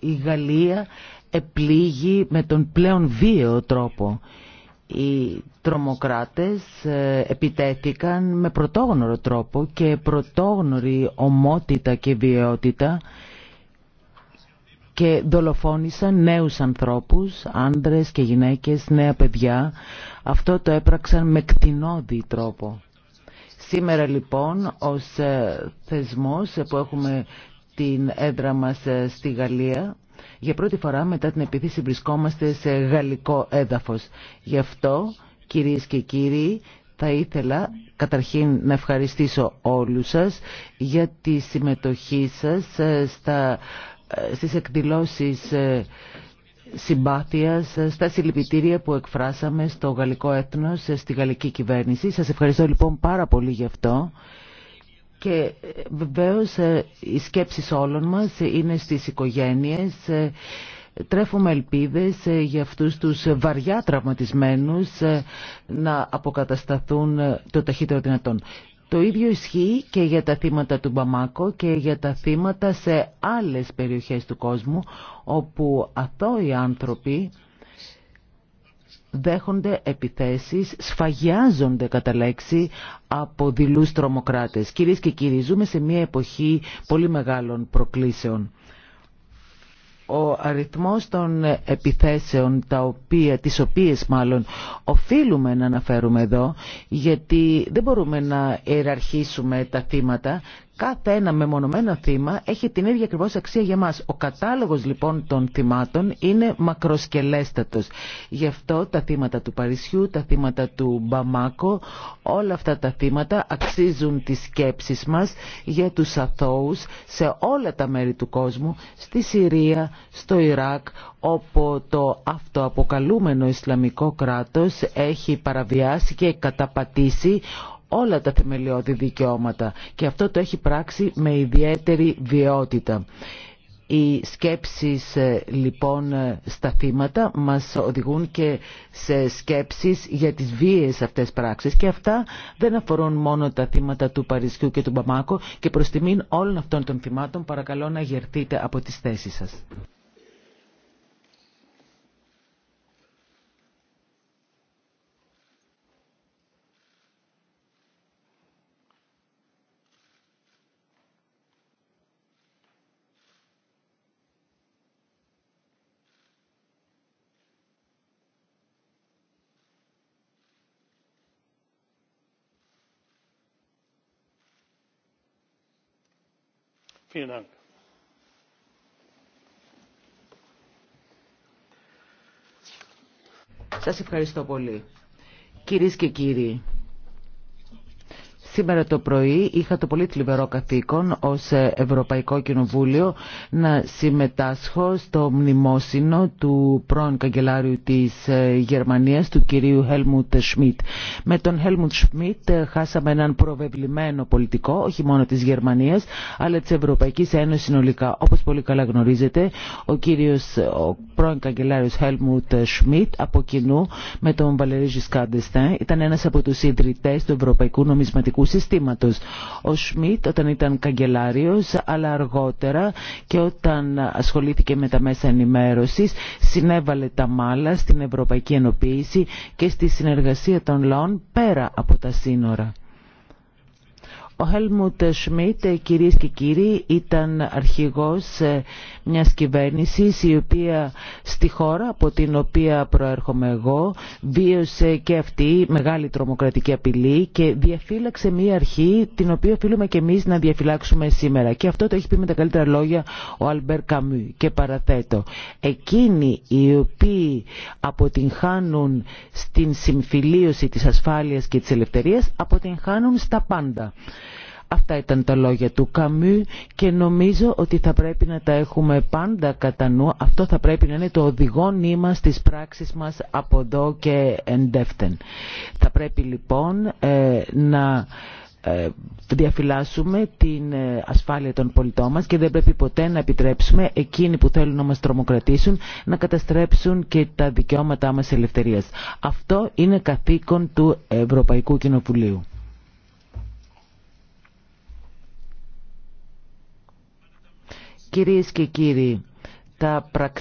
η Γαλλία επλήγει με τον πλέον βίαιο τρόπο. Οι τρομοκράτες ε, επιτέθηκαν με πρωτόγνωρο τρόπο και πρωτόγνωρη ομότητα και βιαιότητα και δολοφόνησαν νέους ανθρώπους, άντρες και γυναίκες, νέα παιδιά. Αυτό το έπραξαν με κτηνώδη τρόπο. Σήμερα λοιπόν ως ε, θεσμός που έχουμε την έδρα μας ε, στη Γαλλία. Για πρώτη φορά μετά την επίθεση βρισκόμαστε σε γαλλικό έδαφος. Γι' αυτό, κυρίες και κύριοι, θα ήθελα καταρχήν να ευχαριστήσω όλους σας για τη συμμετοχή σας ε, στα, ε, στις εκδηλώσεις συμπάθειας, στα συλληπιτήρια που εκφράσαμε στο γαλλικό έθνος, στη γαλλική κυβέρνηση. Σας ευχαριστώ λοιπόν πάρα πολύ γι' αυτό. Και ε, βεβαίως ε, οι σκέψεις όλων μας είναι στις οικογένειες, ε, τρέφουμε ελπίδες για αυτούς τους βαριά τραυματισμένους να αποκατασταθούν το ταχύτερο δυνατόν. Το ίδιο ισχύει και για τα θύματα του Μπαμάκο και για τα θύματα σε άλλες περιοχές του κόσμου όπου αθώοι άνθρωποι δέχονται επιθέσεις, σφαγιάζονται κατά λέξη από δειλούς τρομοκράτες. Κυρίες και κύριοι, ζούμε σε μια εποχή πολύ μεγάλων προκλήσεων. Ο αριθμός των επιθέσεων, τα οποία, τις οποίες μάλλον οφείλουμε να αναφέρουμε εδώ, γιατί δεν μπορούμε να ιεραρχήσουμε τα θύματα, Κάθε ένα μεμονωμένο θύμα έχει την ίδια ακριβώ αξία για μας. Ο κατάλογος λοιπόν των θυμάτων είναι μακροσκελέστατος. Γι' αυτό τα θύματα του Παρισιού, τα θύματα του Μπαμάκο, όλα αυτά τα θύματα αξίζουν τις σκέψεις μας για τους αθώους σε όλα τα μέρη του κόσμου, στη Συρία, στο Ιράκ, όπου το αυτοαποκαλούμενο Ισλαμικό κράτος έχει παραβιάσει και καταπατήσει όλα τα θεμελιώδη δικαιώματα και αυτό το έχει πράξει με ιδιαίτερη βιαιότητα. Οι σκέψεις ε, λοιπόν ε, στα θύματα μας οδηγούν και σε σκέψεις για τις βίες αυτές πράξεις και αυτά δεν αφορούν μόνο τα θύματα του Παρισιού και του Μπαμάκο και προς τιμήν όλων αυτών των θυμάτων παρακαλώ να γερθείτε από τις θέσεις σας. vielen σας ευχαριστώ πολύ. κυρίες και κύριοι Σήμερα το πρωί είχα το πολύ θλιβερό καθήκον ως ε, Ευρωπαϊκό Κοινοβούλιο να συμμετάσχω στο μνημόσυνο του πρώην καγκελάριου της ε, Γερμανίας, του κυρίου Helmut Σμιτ. Με τον Helmut Σμιτ ε, χάσαμε έναν προβεβλημένο πολιτικό, όχι μόνο της Γερμανίας, αλλά της Ευρωπαϊκής Ένωσης συνολικά. Όπως πολύ καλά γνωρίζετε, ο κύριος πρώην καγκελάριο Χέλμουτ Σμιτ από κοινού με τον Βαλερή Ζισκάντεστα. Ήταν ένα από τους ιδρυτέ του Ευρωπαϊκού Νομισματικού Συστήματο. Ο Σμιτ όταν ήταν καγκελάριο, αλλά αργότερα και όταν ασχολήθηκε με τα μέσα ενημέρωση, συνέβαλε τα μάλα στην Ευρωπαϊκή Ενοποίηση και στη συνεργασία των λαών πέρα από τα σύνορα. Ο Χέλμουτ Σμιτ, κυρίες και κύριοι, ήταν αρχηγός μιας κυβέρνησης η οποία στη χώρα από την οποία προέρχομαι εγώ βίωσε και αυτή μεγάλη τρομοκρατική απειλή και διαφύλαξε μια αρχή την οποία οφείλουμε και εμείς να διαφυλάξουμε σήμερα. Και αυτό το έχει πει με τα καλύτερα λόγια ο Αλμπέρ Καμού και παραθέτω. Εκείνοι οι οποίοι αποτυγχάνουν στην συμφιλίωση της ασφάλειας και της ελευθερίας αποτυγχάνουν στα πάντα. Αυτά ήταν τα λόγια του Καμού και νομίζω ότι θα πρέπει να τα έχουμε πάντα κατά νου. Αυτό θα πρέπει να είναι το οδηγό νήμα στις πράξεις μας από εδώ και εντεύθεν. Θα πρέπει λοιπόν ε, να ε, διαφυλάσσουμε την ε, ασφάλεια των πολιτών μας και δεν πρέπει ποτέ να επιτρέψουμε εκείνοι που θέλουν να μας τρομοκρατήσουν να καταστρέψουν και τα δικαιώματά μας ελευθερίας. Αυτό είναι καθήκον του Ευρωπαϊκού Κοινοβουλίου. Κυρίες και κύριοι, τα πρακτικά